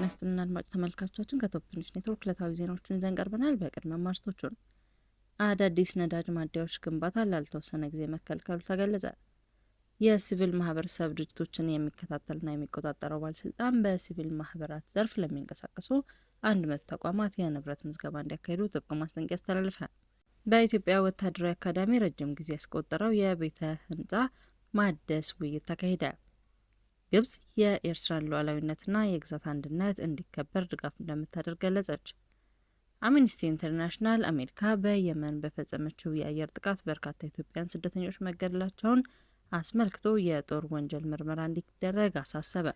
ጤና ይስጥልን አድማጭ ተመልካቾቻችን ከቶፕንሽ ኔትወርክ ዕለታዊ ዜናዎችን ይዘን ቀርበናል። በቅድመ ማርቶቹ አዳዲስ ነዳጅ ማደያዎች ግንባታ ላልተወሰነ ጊዜ መከልከሉ ተገለጸ። የሲቪል ማህበረሰብ ድርጅቶችን የሚከታተልና የሚቆጣጠረው ባለስልጣን በሲቪል ማህበራት ዘርፍ ለሚንቀሳቀሱ አንድ መቶ ተቋማት የንብረት ምዝገባ እንዲያካሂዱ ጥብቅ ማስጠንቀቂያ አስተላለፈ። በኢትዮጵያ ወታደራዊ አካዳሚ ረጅም ጊዜ ያስቆጠረው የቤተ ህንጻ ማደስ ውይይት ተካሂደ። ግብጽ የኤርትራን ሉዓላዊነትና የግዛት አንድነት እንዲከበር ድጋፍ እንደምታደርግ ገለጸች። አምኒስቲ ኢንተርናሽናል አሜሪካ በየመን በፈጸመችው የአየር ጥቃት በርካታ ኢትዮጵያን ስደተኞች መገደላቸውን አስመልክቶ የጦር ወንጀል ምርመራ እንዲደረግ አሳሰበ።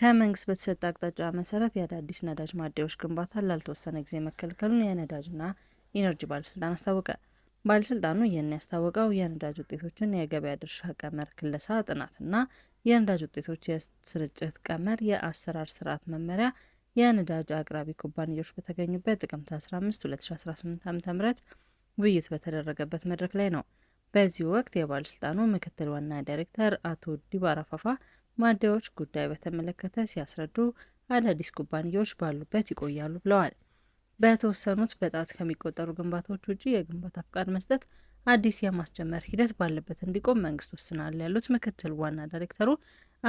ከመንግስት በተሰጠ አቅጣጫ መሰረት የአዳዲስ ነዳጅ ማደያዎች ግንባታ ላልተወሰነ ጊዜ መከልከሉን የነዳጅና ኢነርጂ ባለስልጣን አስታወቀ። ባለስልጣኑ ይህን ያስታወቀው የነዳጅ ውጤቶችን የገበያ ድርሻ ቀመር ክለሳ ጥናትና የነዳጅ ውጤቶች የስርጭት ቀመር የአሰራር ስርዓት መመሪያ የነዳጅ አቅራቢ ኩባንያዎች በተገኙበት ጥቅምት 15 2018 ዓ.ም ውይይት በተደረገበት መድረክ ላይ ነው። በዚህ ወቅት የባለስልጣኑ ምክትል ዋና ዳይሬክተር አቶ ዲባራ ፋፋ ማደያዎች ጉዳይ በተመለከተ ሲያስረዱ አዳዲስ ኩባንያዎች ባሉበት ይቆያሉ ብለዋል። በተወሰኑት በጣት ከሚቆጠሩ ግንባታዎች ውጭ የግንባታ ፍቃድ መስጠት አዲስ የማስጀመር ሂደት ባለበት እንዲቆም መንግስት ወስናል ያሉት ምክትል ዋና ዳይሬክተሩ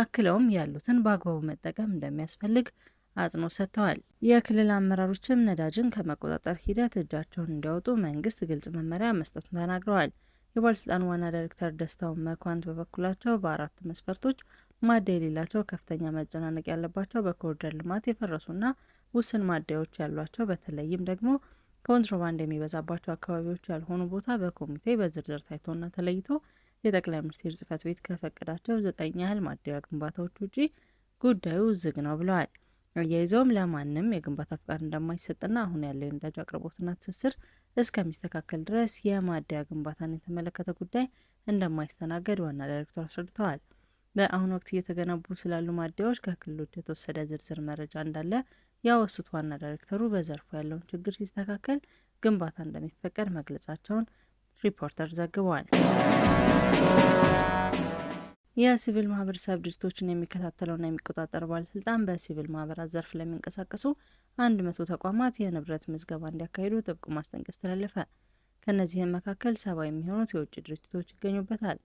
አክለውም ያሉትን በአግባቡ መጠቀም እንደሚያስፈልግ አጽንኦት ሰጥተዋል። የክልል አመራሮችም ነዳጅን ከመቆጣጠር ሂደት እጃቸውን እንዲያወጡ መንግስት ግልጽ መመሪያ መስጠቱን ተናግረዋል። የባለስልጣን ዋና ዳይሬክተር ደስታው መኳንት በበኩላቸው በአራት መስፈርቶች ማደ የሌላቸው ከፍተኛ መጨናነቅ ያለባቸው በኮሪደር ልማት የፈረሱና ውስን ማደያዎች ያሏቸው በተለይም ደግሞ ኮንትሮባንድ የሚበዛባቸው አካባቢዎች ያልሆኑ ቦታ በኮሚቴ በዝርዝር ታይቶና ተለይቶ የጠቅላይ ሚኒስትር ጽህፈት ቤት ከፈቀዳቸው ዘጠኝ ያህል ማደያ ግንባታዎች ውጪ ጉዳዩ ዝግ ነው ብለዋል። አያይዘውም ለማንም የግንባታ ፍቃድ እንደማይሰጥና አሁን ያለው የነዳጅ አቅርቦትና ትስስር እስከሚስተካከል ድረስ የማደያ ግንባታን የተመለከተ ጉዳይ እንደማይስተናገድ ዋና ዳይሬክተሩ አስረድተዋል። በአሁኑ ወቅት እየተገነቡ ስላሉ ማደያዎች ከክልሎች የተወሰደ ዝርዝር መረጃ እንዳለ ያወሱት ዋና ዳይሬክተሩ በዘርፉ ያለውን ችግር ሲስተካከል ግንባታ እንደሚፈቀድ መግለጻቸውን ሪፖርተር ዘግቧል። የሲቪል ማህበረሰብ ድርጅቶችን የሚከታተለውና የሚቆጣጠር ባለስልጣን በሲቪል ማህበራት ዘርፍ ለሚንቀሳቀሱ አንድ መቶ ተቋማት የንብረት ምዝገባ እንዲያካሂዱ ጥብቅ ማስጠንቀቂያ አስተላለፈ። ከእነዚህም መካከል ሰባ የሚሆኑት የውጭ ድርጅቶች ይገኙበታል።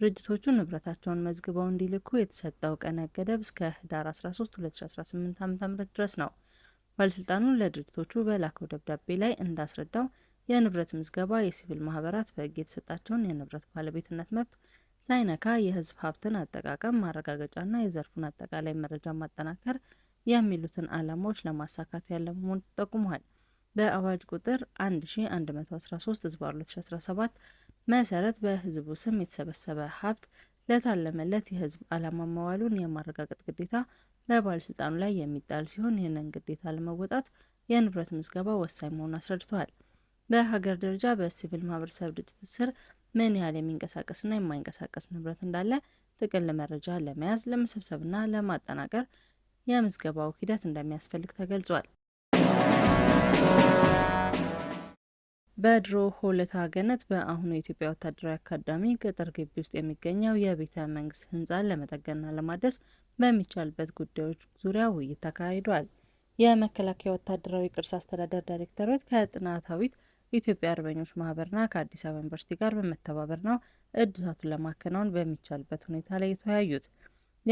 ድርጅቶቹ ንብረታቸውን መዝግበው እንዲልኩ የተሰጠው ቀነ ገደብ እስከ ህዳር 13 2018 ዓ.ም ድረስ ነው። ባለስልጣኑ ለድርጅቶቹ በላከው ደብዳቤ ላይ እንዳስረዳው የንብረት ምዝገባ የሲቪል ማህበራት በሕግ የተሰጣቸውን የንብረት ባለቤትነት መብት ሳይነካ የህዝብ ሀብትን አጠቃቀም ማረጋገጫና የዘርፉን አጠቃላይ መረጃ ማጠናከር የሚሉትን ዓላማዎች ለማሳካት ያለ መሆኑን ጠቁሟል። በአዋጅ ቁጥር 1113 ዝባ 2017 መሰረት በህዝቡ ስም የተሰበሰበ ሀብት ለታለመለት የህዝብ ዓላማ መዋሉን የማረጋገጥ ግዴታ በባለስልጣኑ ላይ የሚጣል ሲሆን ይህንን ግዴታ ለመወጣት የንብረት ምዝገባ ወሳኝ መሆኑን አስረድተዋል። በሀገር ደረጃ በሲቪል ማህበረሰብ ድርጅት ስር ምን ያህል የሚንቀሳቀስና የማይንቀሳቀስ ንብረት እንዳለ ጥቅል መረጃ ለመያዝ ለመሰብሰብና ለማጠናቀር የምዝገባው ሂደት እንደሚያስፈልግ ተገልጿል። በድሮ ሆለታ አገነት በአሁኑ የኢትዮጵያ ወታደራዊ አካዳሚ ቅጥር ግቢ ውስጥ የሚገኘው የቤተ መንግስት ህንፃን ለመጠገንና ለማደስ በሚቻልበት ጉዳዮች ዙሪያ ውይይት ተካሂዷል። የመከላከያ ወታደራዊ ቅርስ አስተዳደር ዳይሬክተሮች ከጥናታዊት ኢትዮጵያ አርበኞች ማህበርና ከአዲስ አበባ ዩኒቨርሲቲ ጋር በመተባበር ነው እድሳቱን ለማከናወን በሚቻልበት ሁኔታ ላይ የተወያዩት።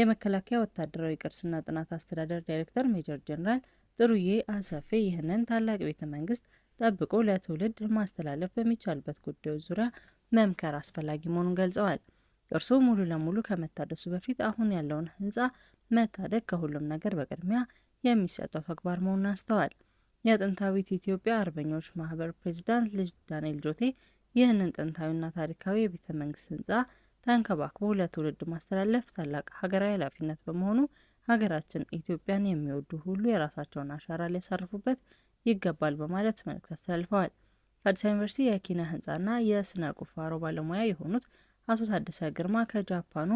የመከላከያ ወታደራዊ ቅርስና ጥናት አስተዳደር ዳይሬክተር ሜጀር ጀነራል ጥሩዬ አሰፌ ይህንን ታላቅ ቤተ መንግስት ጠብቆ ለትውልድ ማስተላለፍ በሚቻልበት ጉዳዮች ዙሪያ መምከር አስፈላጊ መሆኑን ገልጸዋል። እርሱ ሙሉ ለሙሉ ከመታደሱ በፊት አሁን ያለውን ህንፃ መታደግ ከሁሉም ነገር በቅድሚያ የሚሰጠው ተግባር መሆኑን አስተዋል። የጥንታዊት ኢትዮጵያ አርበኞች ማህበር ፕሬዚዳንት ልጅ ዳንኤል ጆቴ ይህንን ጥንታዊና ታሪካዊ የቤተ መንግስት ህንፃ ተንከባክቦ ለትውልድ ማስተላለፍ ታላቅ ሀገራዊ ኃላፊነት በመሆኑ ሀገራችን ኢትዮጵያን የሚወዱ ሁሉ የራሳቸውን አሻራ ሊያሳርፉበት ይገባል በማለት መልእክት አስተላልፈዋል። አዲስ ዩኒቨርሲቲ የኪነ ህንፃና የስነ ቁፋሮ ባለሙያ የሆኑት አቶ ታደሰ ግርማ ከጃፓኑ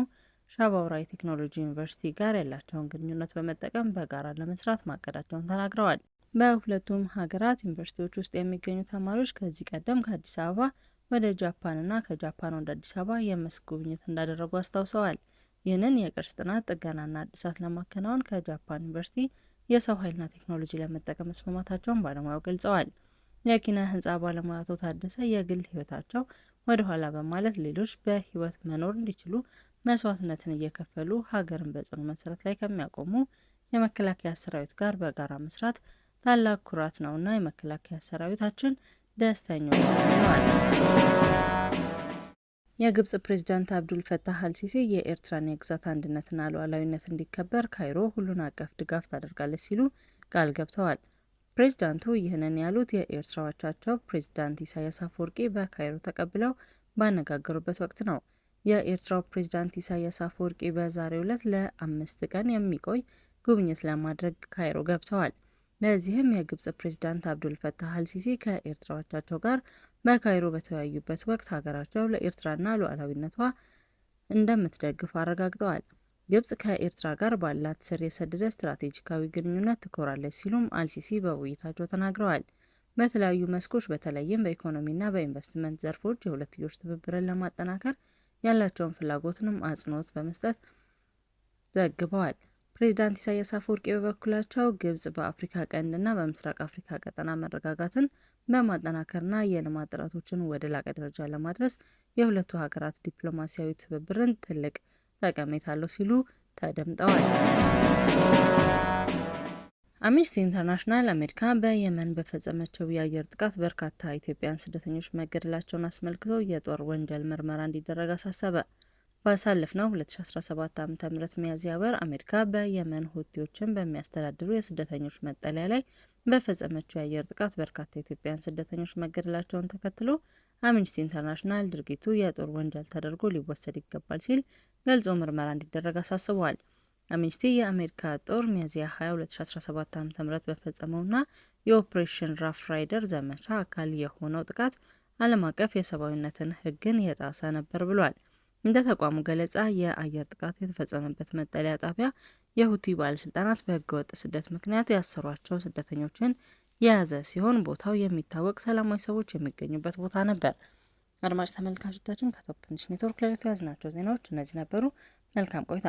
ሻባውራ የቴክኖሎጂ ዩኒቨርሲቲ ጋር ያላቸውን ግንኙነት በመጠቀም በጋራ ለመስራት ማቀዳቸውን ተናግረዋል። በሁለቱም ሀገራት ዩኒቨርሲቲዎች ውስጥ የሚገኙ ተማሪዎች ከዚህ ቀደም ከአዲስ አበባ ወደ ጃፓንና ከጃፓን ወደ አዲስ አበባ የመስክ ጉብኝት እንዳደረጉ አስታውሰዋል። ይህንን የቅርስ ጥናት ጥገናና እድሳት ለማከናወን ከጃፓን ዩኒቨርሲቲ የሰው ኃይልና ቴክኖሎጂ ለመጠቀም መስማማታቸውን ባለሙያው ገልጸዋል። የኪነ ህንፃ ባለሙያ አቶ ታደሰ የግል ህይወታቸው ወደ ኋላ በማለት ሌሎች በህይወት መኖር እንዲችሉ መስዋዕትነትን እየከፈሉ ሀገርን በጽኑ መሰረት ላይ ከሚያቆሙ የመከላከያ ሰራዊት ጋር በጋራ መስራት ታላቅ ኩራት ነውና የመከላከያ ሰራዊታችን ደስተኞች ነዋል። የግብጽ ፕሬዝዳንት አብዱል ፈታህ አልሲሲ የኤርትራን የግዛት አንድነትና ሉዓላዊነት እንዲከበር ካይሮ ሁሉን አቀፍ ድጋፍ ታደርጋለች ሲሉ ቃል ገብተዋል። ፕሬዝዳንቱ ይህንን ያሉት የኤርትራ አቻቸው ፕሬዝዳንት ኢሳያስ አፈወርቂ በካይሮ ተቀብለው ባነጋገሩበት ወቅት ነው። የኤርትራው ፕሬዝዳንት ኢሳያስ አፈወርቂ በዛሬው ዕለት ለአምስት ቀን የሚቆይ ጉብኝት ለማድረግ ካይሮ ገብተዋል። በዚህም የግብጽ ፕሬዝዳንት አብዱል ፈታህ አልሲሲ ከኤርትራ አቻቸው ጋር በካይሮ በተወያዩበት ወቅት ሀገራቸው ለኤርትራና ሉዓላዊነቷ እንደምትደግፍ አረጋግጠዋል። ግብጽ ከኤርትራ ጋር ባላት ስር የሰደደ ስትራቴጂካዊ ግንኙነት ትኮራለች ሲሉም አልሲሲ በውይይታቸው ተናግረዋል። በተለያዩ መስኮች በተለይም በኢኮኖሚና በኢንቨስትመንት ዘርፎች የሁለትዮሽ ትብብርን ለማጠናከር ያላቸውን ፍላጎትንም አጽንዖት በመስጠት ዘግበዋል። ፕሬዚዳንት ኢሳያስ አፈወርቂ በበኩላቸው ግብጽ በአፍሪካ ቀንድና በምስራቅ አፍሪካ ቀጠና መረጋጋትን በማጠናከርና የልማት ጥረቶችን ወደ ላቀ ደረጃ ለማድረስ የሁለቱ ሀገራት ዲፕሎማሲያዊ ትብብርን ትልቅ ጠቀሜታ አለው ሲሉ ተደምጠዋል። አምነስቲ ኢንተርናሽናል አሜሪካ በየመን በፈጸመችው የአየር ጥቃት በርካታ ኢትዮጵያውያን ስደተኞች መገደላቸውን አስመልክቶ የጦር ወንጀል ምርመራ እንዲደረግ አሳሰበ። ባሳለፍነው 2017 ዓ.ም ሚያዝያ ወር አሜሪካ በየመን ሁቲዎችን በሚያስተዳድሩ የስደተኞች መጠለያ ላይ በፈጸመችው የአየር ጥቃት በርካታ ኢትዮጵያውያን ስደተኞች መገደላቸውን ተከትሎ አምነስቲ ኢንተርናሽናል ድርጊቱ የጦር ወንጀል ተደርጎ ሊወሰድ ይገባል ሲል ገልጾ ምርመራ እንዲደረግ አሳስበዋል። አምነስቲ የአሜሪካ ጦር ሚያዝያ 20 2017 ዓ.ም በፈጸመውና የኦፕሬሽን ራፍ ራይደር ዘመቻ አካል የሆነው ጥቃት ዓለም አቀፍ የሰብአዊነትን ሕግን የጣሰ ነበር ብሏል። እንደ ተቋሙ ገለጻ የአየር ጥቃት የተፈጸመበት መጠለያ ጣቢያ የሁቲ ባለስልጣናት በህገወጥ ስደት ምክንያት ያሰሯቸው ስደተኞችን የያዘ ሲሆን ቦታው የሚታወቅ ሰላማዊ ሰዎች የሚገኙበት ቦታ ነበር። አድማጭ ተመልካቾቻችን ከቶፕንሽ ኔትወርክ ለዕለቱ የያዝናቸው ዜናዎች እነዚህ ነበሩ። መልካም ቆይታ